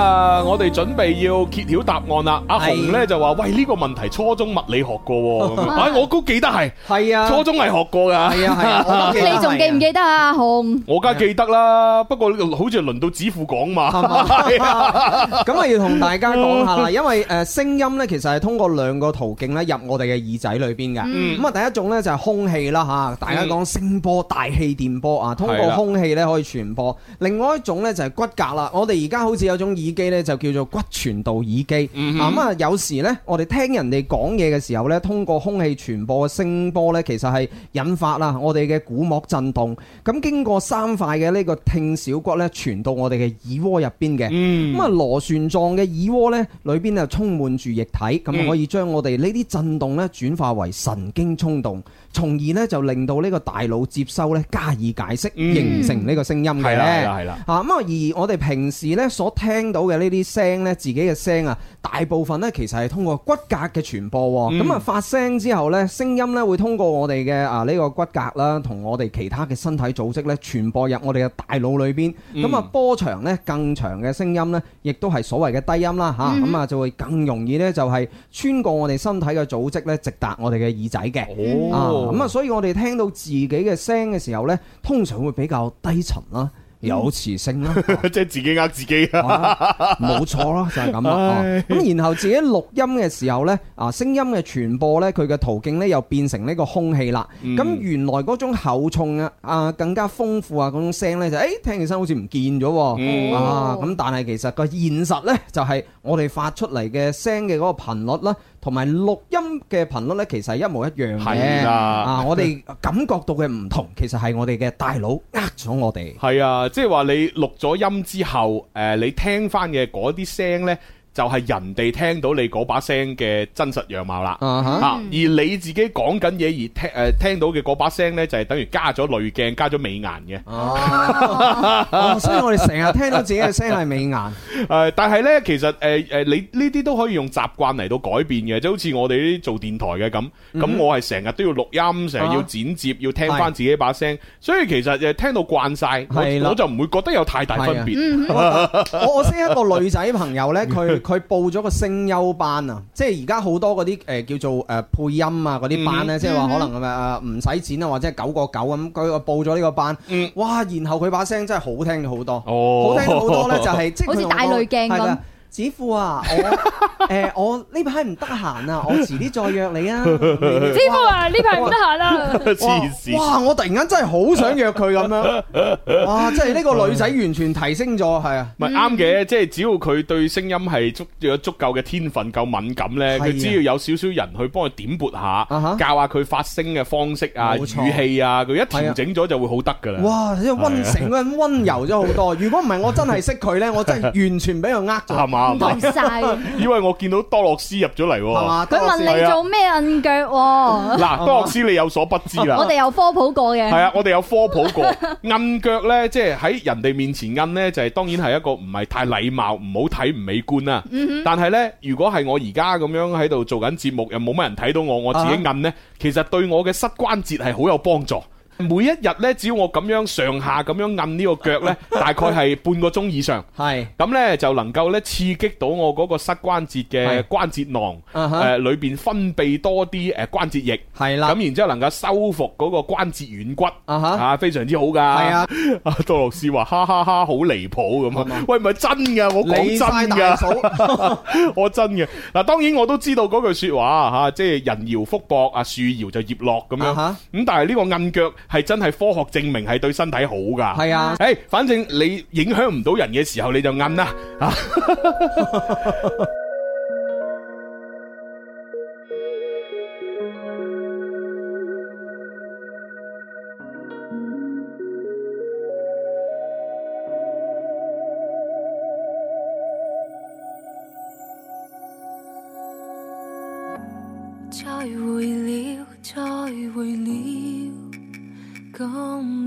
誒，我哋準備要揭曉答案啦！阿紅咧就話：喂，呢個問題初中物理學過，哎，我都記得係，係啊，初中係學過噶，係啊係啊，你仲記唔記得啊？阿紅，我梗係記得啦，不過好似係輪到子富講嘛，係嘛，咁啊要同大家講下啦，因為誒聲音咧其實係通過兩個途徑咧入我哋嘅耳仔裏邊嘅，咁啊第一種咧就係空氣啦吓，大家講聲波、大氣電波啊，通過空氣咧可以傳播，另外一種咧就係骨骼啦，我哋而家好似有種耳。耳機咧就叫做骨傳導耳機。咁、嗯、哼啊，有時呢，我哋聽人哋講嘢嘅時候呢，通過空氣傳播嘅聲波呢，其實係引發啦我哋嘅鼓膜震動。咁經過三塊嘅呢個聽小骨呢，傳到我哋嘅耳蝸入邊嘅。咁啊、嗯嗯，螺旋狀嘅耳蝸呢，裏邊啊充滿住液體，咁可以將我哋呢啲震動呢轉化為神經衝動。從而咧就令到呢個大腦接收咧加以解釋，嗯、形成呢個聲音。係啦，係啦。嚇咁啊！而我哋平時咧所聽到嘅呢啲聲咧，自己嘅聲啊，大部分咧其實係通過骨骼嘅傳播。咁啊、嗯、發聲之後咧，聲音咧會通過我哋嘅啊呢個骨骼啦，同我哋其他嘅身體組織咧傳播入我哋嘅大腦裏邊。咁啊、嗯、波長咧更長嘅聲音咧，亦都係所謂嘅低音啦吓，咁啊、嗯、就會更容易咧就係穿過我哋身體嘅組織咧，直達我哋嘅耳仔嘅。哦。咁、嗯、啊，所以我哋聽到自己嘅聲嘅時候呢，通常會比較低沉啦、啊，有磁性啦、啊，即係、嗯、 <laughs> 自己呃自己，冇、 <laughs> 啊、錯啦，就係咁啦。咁唉、啊、然後自己錄音嘅時候呢，啊聲音嘅傳播呢，佢嘅途徑呢，又變成呢個空氣啦。咁、嗯啊、原來嗰種厚重啊，啊更加豐富啊嗰種聲咧，就誒聽起身好似唔見咗。啊咁，但係其實個現實呢，就係、哎啊嗯啊啊、我哋發出嚟嘅聲嘅嗰個頻率啦。同埋錄音嘅頻率呢，其實一模一樣嘅。係啊，啊，我哋感覺到嘅唔同，其實係我哋嘅大腦呃咗我哋。係啊，即係話你錄咗音之後，誒、呃，你聽翻嘅嗰啲聲呢。就係人哋聽到你嗰把聲嘅真實樣貌啦，啊，而你自己講緊嘢而聽誒聽到嘅嗰把聲咧，就係等於加咗濾鏡、加咗美顏嘅。哦，所以我哋成日聽到自己嘅聲係美顏。誒，但係咧，其實誒誒，你呢啲都可以用習慣嚟到改變嘅，就好似我哋呢啲做電台嘅咁。咁我係成日都要錄音，成日要剪接，要聽翻自己把聲。所以其實誒聽到慣晒，係啦，我就唔會覺得有太大分別。我我識一個女仔朋友咧，佢。佢報咗個聲優班啊！即係而家好多嗰啲誒叫做誒、呃、配音啊嗰啲班咧，嗯、即係話可能唔使錢啊，或者九個九咁，佢報咗呢個班。嗯、哇！然後佢把聲真係好聽咗好多，哦、好聽好多咧就係即係好似大濾鏡噉。係啦。子富啊，誒我呢排唔得閒啊，我遲啲再約你啊。子富啊，呢排唔得閒啊。哇，我突然間真係好想約佢咁樣。哇，真係呢個女仔完全提升咗，係啊。唔係啱嘅，即係只要佢對聲音係足有足夠嘅天分、夠敏感咧，佢只要有少少人去幫佢點撥下，教下佢發聲嘅方式啊、語氣啊，佢一調整咗就會好得㗎喇。哇！呢個溫成個人溫柔咗好多。如果唔係我真係識佢咧，我真係完全俾佢呃咗。唔使，以 <laughs> 為我見到多洛斯入咗嚟，佢問你做咩摁腳？嗱、啊，多洛斯你有所不知啊！我哋有科普過嘅，係啊，我哋有科普過。摁腳呢，即係喺人哋面前摁呢，就係，是就是、當然係一個唔係太禮貌，唔好睇，唔美觀啦。但係呢，如果係我而家咁樣喺度做緊節目，又冇乜人睇到我，我自己摁呢，嗯、哼其實對我嘅膝關節係好有幫助。每一日咧，只要我咁樣上下咁樣摁呢個腳咧，大概係半個鐘以上，係咁咧就能夠咧刺激到我嗰個膝關節嘅關節囊，誒裏邊分泌多啲誒關節液，係啦，咁然之後能夠修復嗰個關節軟骨，啊非常之好噶，係啊，杜羅斯話哈哈哈好離譜咁啊，喂唔係真噶，我講真噶，我真嘅嗱，當然我都知道嗰句說話吓，即係人搖福薄啊，樹搖就葉落咁樣，咁但係呢個摁腳。係真係科學證明係對身體好噶，係啊，誒，hey, 反正你影響唔到人嘅時候你就暗啦，吓。 <laughs> <laughs>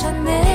想念。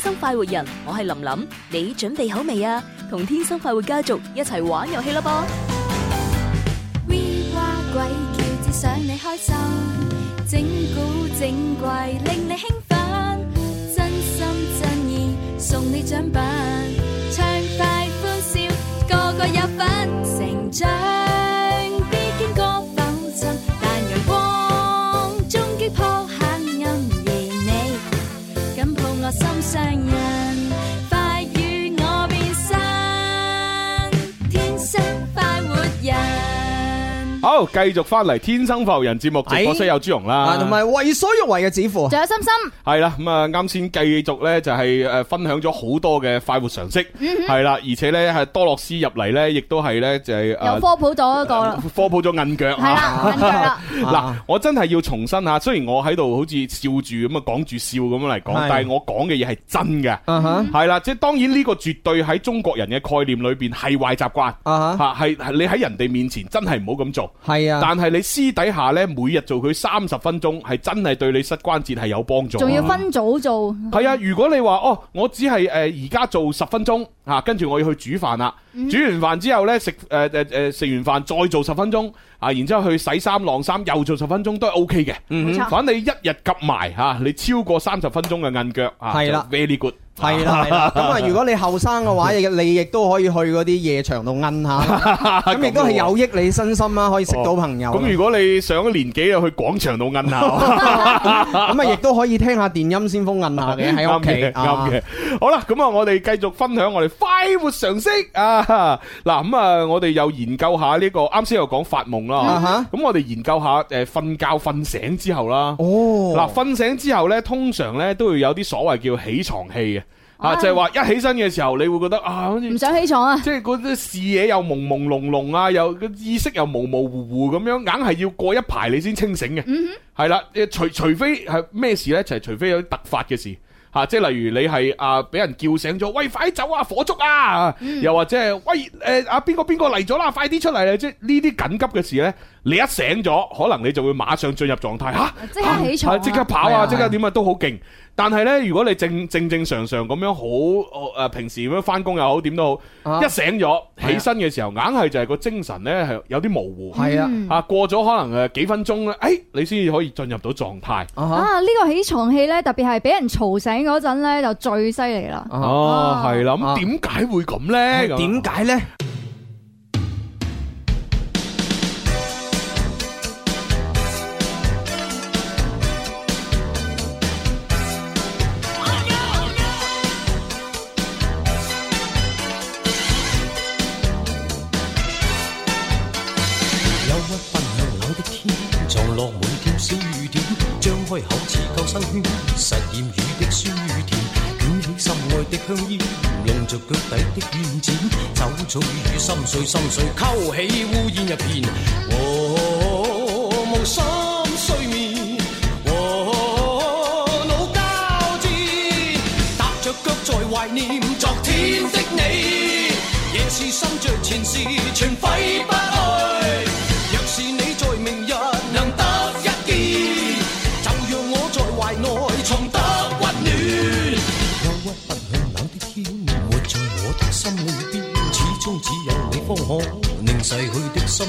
天生快活人，我係林林，你準備好未啊？同天生快活家族一齊玩遊戲咯噃！We are 鬼叫，只想你開心，整蠱整怪令你興奮，真心真意送你獎品，暢快歡笑，個個有份成長。心上人，快與我變身，天生快活人。好，繼續翻嚟《天生浮人》節目，直播室有朱紅啦，同埋為所欲為嘅指父，仲有心心。係啦，咁啊，啱先繼續咧，就係誒分享咗好多嘅快活常識，係啦、嗯哼，而且咧係多洛斯入嚟咧、就是，亦都係咧就係有科普咗一、那個、啊、科普咗銀腳，係啦， <laughs> 嗱、 <laughs> 啊，我真係要重申吓，雖然我喺度好似笑住咁啊講住笑咁樣嚟講，的但係我講嘅嘢係真嘅，係啦、嗯哼，即係當然呢個絕對喺中國人嘅概念裏邊係壞習慣，吓係、啊、你喺人哋面前真係唔好咁做。係啊，但係你私底下呢，每日做佢三十分鐘，係真係對你膝關節係有幫助。仲要分組做。係、嗯、啊，如果你話哦，我只係誒而家做十分鐘吓、啊，跟住我要去煮飯啦。嗯、煮完飯之後呢，食誒誒、呃呃、食完飯再做十分鐘啊，然之後去洗衫晾衫，又做十分鐘都係 O K 嘅。嗯，冇錯，反正你一日夾埋吓，你超過三十分鐘嘅硬腳啊，係啦，very good、啊。係啦，咁啊，如果你後生嘅話， <noise> 你亦都可以去嗰啲夜場度摁下，咁亦都係有益你身心啦，可以識到朋友。咁、哦、如果你上咗年紀又去廣場度摁下，咁啊，亦都可以聽下電音先鋒摁下嘅喺屋企。啱嘅，好啦，咁啊，我哋繼續分享我哋快活常識啊。嗱、啊，咁、嗯、啊，我哋又研究下呢、這個，啱先又講發夢啦。咁、啊嗯嗯、我哋研究下誒，瞓、呃、覺瞓醒之後啦。嗱、哦，瞓醒之後咧，通常咧都要有啲所謂叫起床氣嘅。啊，就係、是、話一起身嘅時候，你會覺得啊，唔想起床啊，即係嗰啲視野又朦朦朧朧啊，又意識又模模糊糊咁樣，硬係要過一排你先清醒嘅。嗯哼，係啦，除除非係咩事呢？就係除非有突發嘅事吓、啊，即係例如你係啊，俾人叫醒咗，喂，快走啊，火燭啊，嗯、又或者係，喂，誒、呃，阿邊個邊個嚟咗啦，快啲出嚟啊，即係呢啲緊急嘅事呢。你一醒咗，可能你就會馬上進入狀態。吓，即刻起床，即刻跑啊，即刻點啊，都好勁。但係咧，如果你正正正常常咁樣，好誒，平時咁樣翻工又好，點都好，一醒咗起身嘅時候，硬係就係個精神咧，係有啲模糊。係啊，吓過咗可能誒幾分鐘咧，誒，你先至可以進入到狀態。啊，呢個起床氣咧，特別係俾人嘈醒嗰陣咧，就最犀利啦。哦，係啦，咁點解會咁咧？點解咧？用着腳底的軟墊，走出雨心碎，心碎勾起烏煙一片。和無心碎滅，和腦交戰，踏着腳在懷念昨天的你，夜是滲着前事，全揮不去。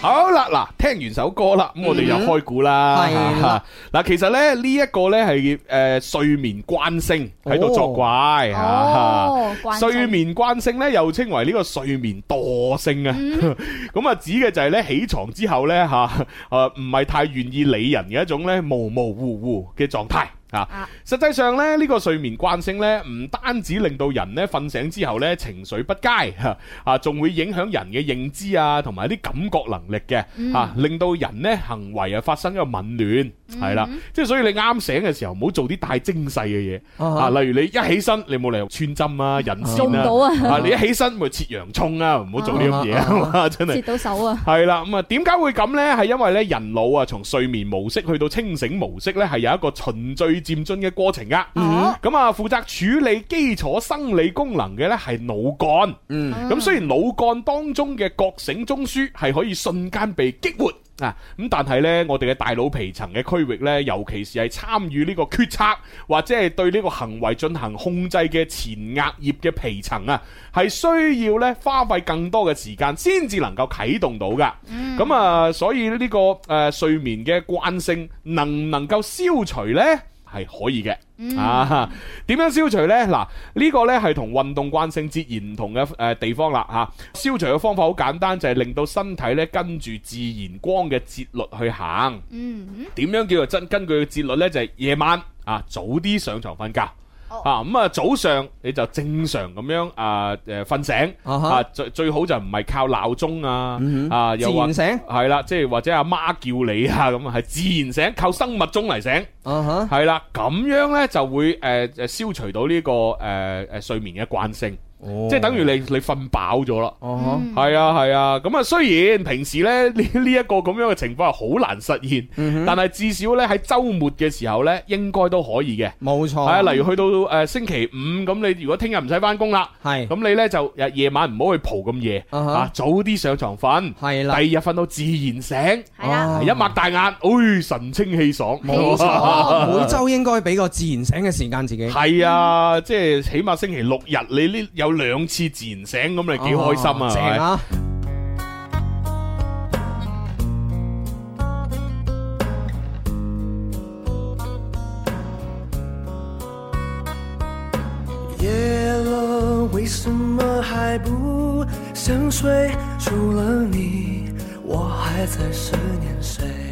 好啦，嗱，聽完首歌啦，咁我哋又開估啦。其實呢，呢一個呢，係，呃，睡眠慣性，喺度作怪。睡眠慣性呢，又稱為呢個睡眠惰性。咁指嘅就係呢，起床之後呢，唔係太願意理人嘅一種呢,模模糊糊嘅狀態。啊，實際上咧，呢、這個睡眠慣性咧，唔單止令到人咧瞓醒之後咧情緒不佳，啊，仲會影響人嘅認知啊，同埋啲感覺能力嘅，嚇、啊，令到人咧行為啊發生一個紊亂。係啦，嗯、即係所以你啱醒嘅時候唔好做啲太精細嘅嘢，啊，啊，啊，例如你一起身你冇理由穿針啊、引線啊，唔到啊，啊你一起身咪切洋蔥啊，唔好做呢啲嘢啊，真係、啊、切到手啊，係啦，咁啊點解會咁咧？係因為咧人腦啊，從睡眠模式去到清醒模式咧，係有一個循序。漸進嘅過程噶，咁啊負責處理基礎生理功能嘅呢係腦幹，咁、嗯、雖然腦幹當中嘅覺醒中樞係可以瞬間被激活啊，咁但係呢，我哋嘅大腦皮層嘅區域呢，尤其是係參與呢個決策或者係對呢個行為進行控制嘅前額葉嘅皮層啊，係需要呢，花費更多嘅時間先至能夠啟動到噶，咁啊、嗯、所以呢、呢個誒、呃、睡眠嘅慣性能唔能夠消除呢？係可以嘅、mm hmm. 啊！點樣消除呢？嗱，呢、這個呢係同運動慣性截然唔同嘅誒地方啦吓、啊。消除嘅方法好簡單，就係、是、令到身體呢跟住自然光嘅節律去行。嗯、mm，點、hmm. 樣叫做真？根據嘅節律呢？就係、是、夜晚啊，早啲上床瞓覺。啊，咁、嗯、啊，早上你就正常咁樣啊，誒、呃，瞓醒啊，最最好就唔係靠鬧鐘啊，嗯、哼啊，又自然醒，係啦，即係或者阿媽叫你啊，咁啊，係自然醒，靠生物鐘嚟醒，係啦、啊哈，咁樣咧就會誒誒、呃、消除到呢、這個誒誒、呃、睡眠嘅慣性。即係等於你你瞓飽咗啦，係啊係啊，咁啊雖然平時咧呢呢一個咁樣嘅情況係好難實現，但係至少咧喺周末嘅時候咧應該都可以嘅，冇錯。啊，例如去到誒星期五，咁你如果聽日唔使翻工啦，係，咁你咧就夜晚唔好去蒲咁夜，啊，早啲上床瞓，係啦，第二日瞓到自然醒，係啊，一擘大眼，誒，神清氣爽。冇錯，每周應該俾個自然醒嘅時間自己。係啊，即係起碼星期六日你呢有。兩次自然醒，咁你幾開心啊！正啊！夜了，為什麼還不想睡？除了你，我還在思念誰？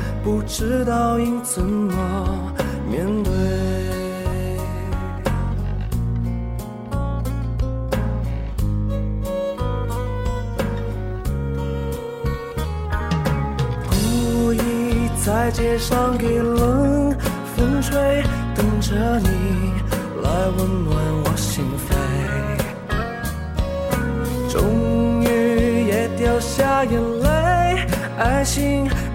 不知道應怎麼面對，故意在街上給冷風吹，等着你來溫暖我心扉，終於也掉下眼淚，愛情。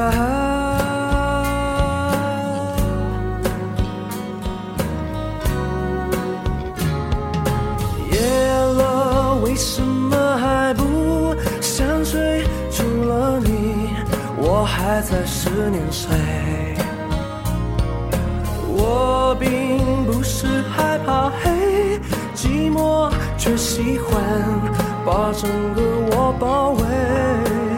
啊，夜了，為什麼還不想睡？除了你，我還在思念誰？我並不是害怕黑，寂寞卻喜歡把整個我包圍。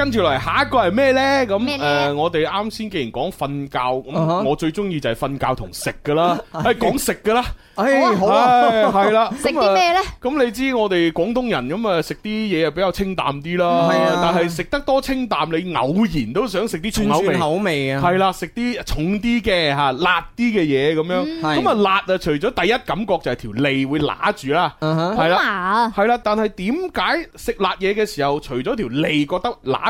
跟住嚟，下一個係咩呢？咁誒，我哋啱先既然講瞓覺，咁我最中意就係瞓覺同食噶啦。誒，講食噶啦，誒好啊，係啦。食啲咩呢？咁你知我哋廣東人咁誒，食啲嘢比較清淡啲啦。係啊，但係食得多清淡，你偶然都想食啲。轉轉口味啊！係啦，食啲重啲嘅嚇，辣啲嘅嘢咁樣。咁啊，辣啊，除咗第一感覺就係條脷會揦住啦，係啦，係啦。但係點解食辣嘢嘅時候，除咗條脷覺得揦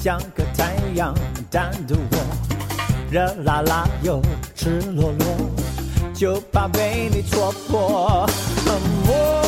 像個太陽單獨我，燙的我熱辣辣又赤裸裸，就怕被你戳破冷漠。嗯，我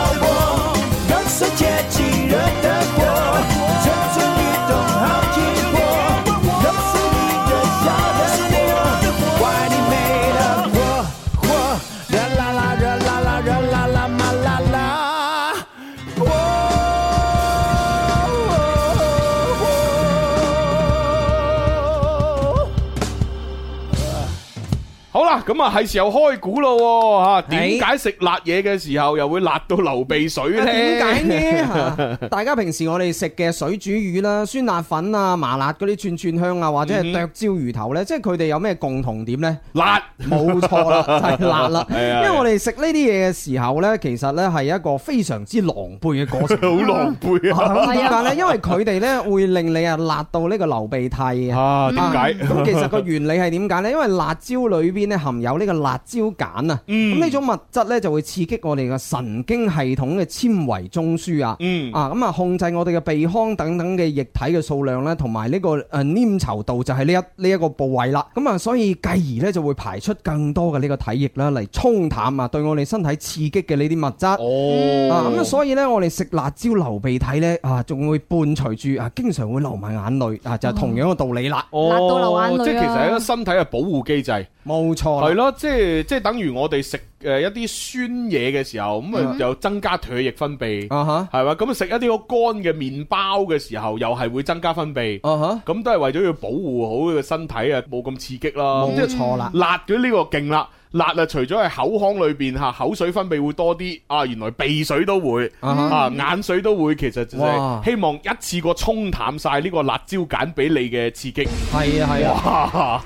咁啊，係時候開估咯，吓點解食辣嘢嘅時候又會辣到流鼻水咧？點解呢？呢 <laughs> 大家平時我哋食嘅水煮魚啦、酸辣粉啊、麻辣嗰啲串串香啊，或者係剁椒魚頭咧，嗯、即係佢哋有咩共同點咧？辣，冇錯啦，就係辣啦。因為我哋食呢啲嘢嘅時候咧，其實咧係一個非常之狼狽嘅過程，好 <laughs> 狼狽啊！點解咧？因為佢哋咧會令你啊辣到呢個流鼻涕啊！點解？咁、啊、其實個原理係點解咧？因為辣椒裏邊咧含有呢個辣椒鹼啊，咁呢種物質呢就會刺激我哋嘅神經系統嘅纖維中樞啊，啊咁啊控制我哋嘅鼻腔等等嘅液體嘅數量呢，同埋呢個誒黏稠度就係呢一呢一個部位啦。咁啊，所以繼而呢就會排出更多嘅呢個體液啦，嚟沖淡啊對我哋身體刺激嘅呢啲物質。哦，咁所以呢我哋食辣椒流鼻涕呢，啊，仲會伴隨住啊，經常會流埋眼淚啊，就係同樣嘅道理啦。哦，辣到流眼淚啊。即係其實係一個身體嘅保護機制。冇錯。係咯，即係即係等於我哋食誒一啲酸嘢嘅時候，咁啊又增加唾液分泌，係嘛，嗯。咁啊食一啲好乾嘅麵包嘅時候，又係會增加分泌，咁、嗯、都係為咗要保護好佢個身體啊，冇咁刺激啦。冇錯啦，辣咗呢個勁啦，辣啊！除咗係口腔裏邊吓、啊、口水分泌會多啲，啊，原來鼻水都會、嗯、啊，眼水都會，其實就係希望一次過沖淡晒呢個辣椒鹼俾你嘅刺激。係啊係啊。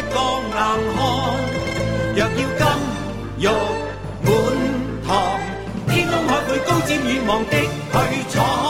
一個硬漢，若要金玉滿堂，天空海會高瞻遠望的去闖。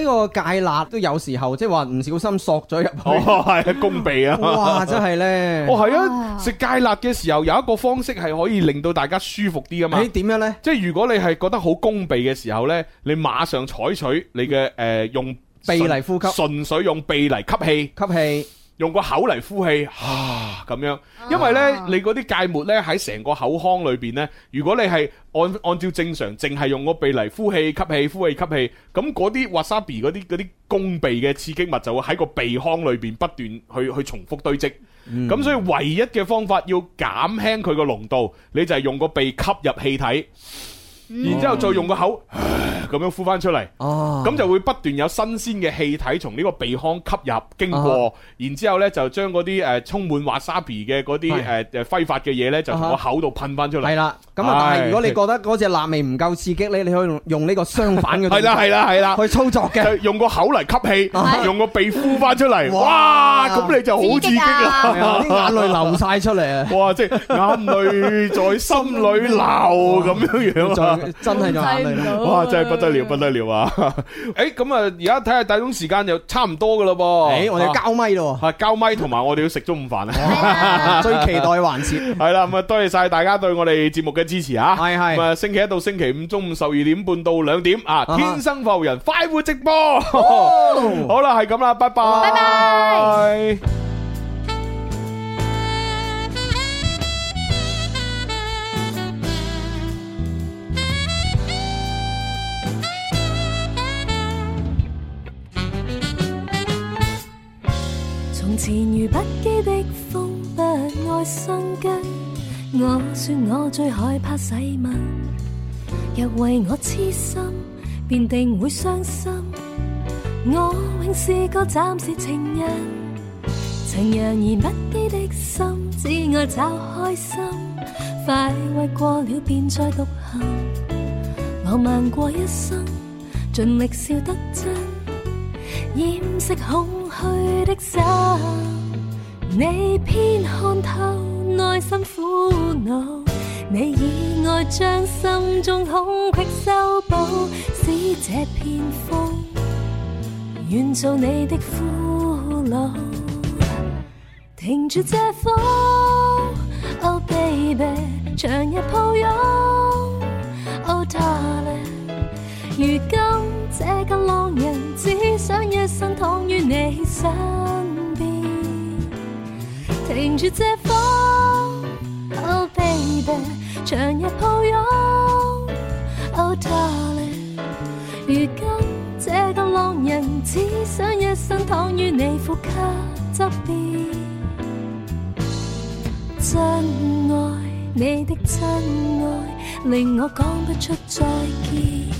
呢個芥辣都有時候即係話唔小心索咗入去，係、哦、啊，攻鼻啊！ <laughs> 哇，真係咧！我係、哦、啊，食芥辣嘅時候有一個方式係可以令到大家舒服啲啊嘛。你點、哎、樣呢？即係如果你係覺得好攻鼻嘅時候呢，你馬上採取你嘅誒、呃、用鼻嚟呼吸，純粹用鼻嚟吸氣，吸氣。用個口嚟呼氣，啊咁樣，因為呢，你嗰啲芥末呢，喺成個口腔裏邊呢。如果你係按按照正常，淨係用個鼻嚟呼氣、吸氣、呼氣、吸氣，咁嗰啲 wasabi 嗰啲嗰啲攻鼻嘅刺激物就會喺個鼻腔裏邊不斷去去重複堆積，咁、嗯、所以唯一嘅方法要減輕佢個濃度，你就係用個鼻吸入氣體。然之後再用個口咁樣呼翻出嚟，咁就會不斷有新鮮嘅氣體從呢個鼻腔吸入經過，然之後咧就將嗰啲誒充滿 wasabi 嘅嗰啲誒誒揮發嘅嘢，咧就從個口度噴翻出嚟。係啦，咁但係如果你覺得嗰隻辣味唔夠刺激，你你可以用呢個相反嘅方法係啦係啦係啦去操作嘅，用個口嚟吸氣，用個鼻呼翻出嚟，哇！咁你就好刺激啦，眼淚流晒出嚟啊！哇！即係眼淚在心裏流咁樣樣真係就係，哇！真係不得了，不得了啊！誒，咁啊，而家睇下大鐘時間又差唔多噶咯噃，誒，我要交咪咯，係交咪，同埋我哋要食中午飯啊！最期待環節，係啦，咁啊，多謝晒大家對我哋節目嘅支持啊！係係，咁啊，星期一到星期五中午十二點半到兩點啊，天生浮人快活直播，好啦，係咁啦，拜拜，拜拜。如不羈的風，不愛生根。我説我最害怕誓盟，若為我痴心，便定會傷心。我永是個暫時情人，晴陽而不羈的心，只愛找開心。快慰過了便再獨行，浪漫過一生，盡力笑得真。掩飾空虛的心，你偏看透內心苦惱。你以愛將心中空隙修補，使這片風願做你的俘虜。停住這風，Oh baby，長夜抱擁，Oh darling，如今這個浪人，只想一生躺於你身邊，停住這風，Oh baby，長日抱擁，Oh darling。如今這個浪人只想一生躺於你呼吸側邊，真愛你的真愛令我講不出再見。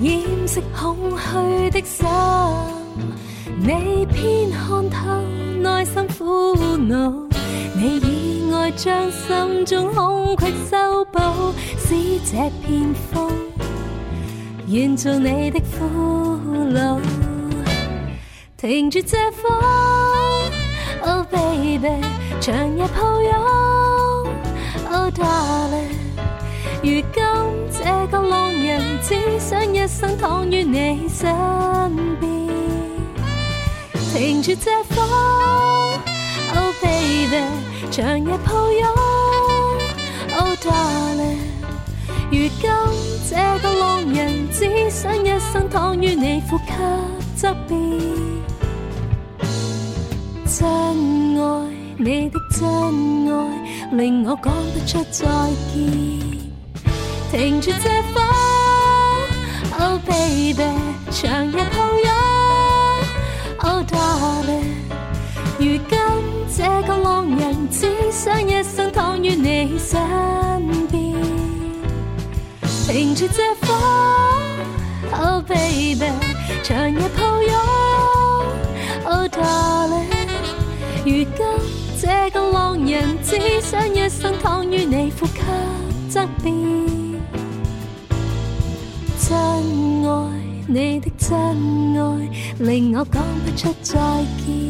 掩飾空虛的心，你偏看透內心苦惱。你以愛將心中空隙修補，使這片風願做你的俘虜。停住借風，Oh baby，長夜抱擁，Oh darling。如今這個浪人只想一生躺於你身邊，停住這風，Oh baby，長夜抱擁，Oh darling。如今這個浪人只想一生躺於你呼吸側邊，真愛你的真愛令我講不出再見。停住這風，Oh baby，長夜抱擁，Oh darling。如今這個浪人只想一生躺於你身邊。停住這風，Oh baby，長夜抱擁，Oh darling。如今這個浪人只想一生躺於你呼吸側邊。真愛，你的真愛，令我講不出再見。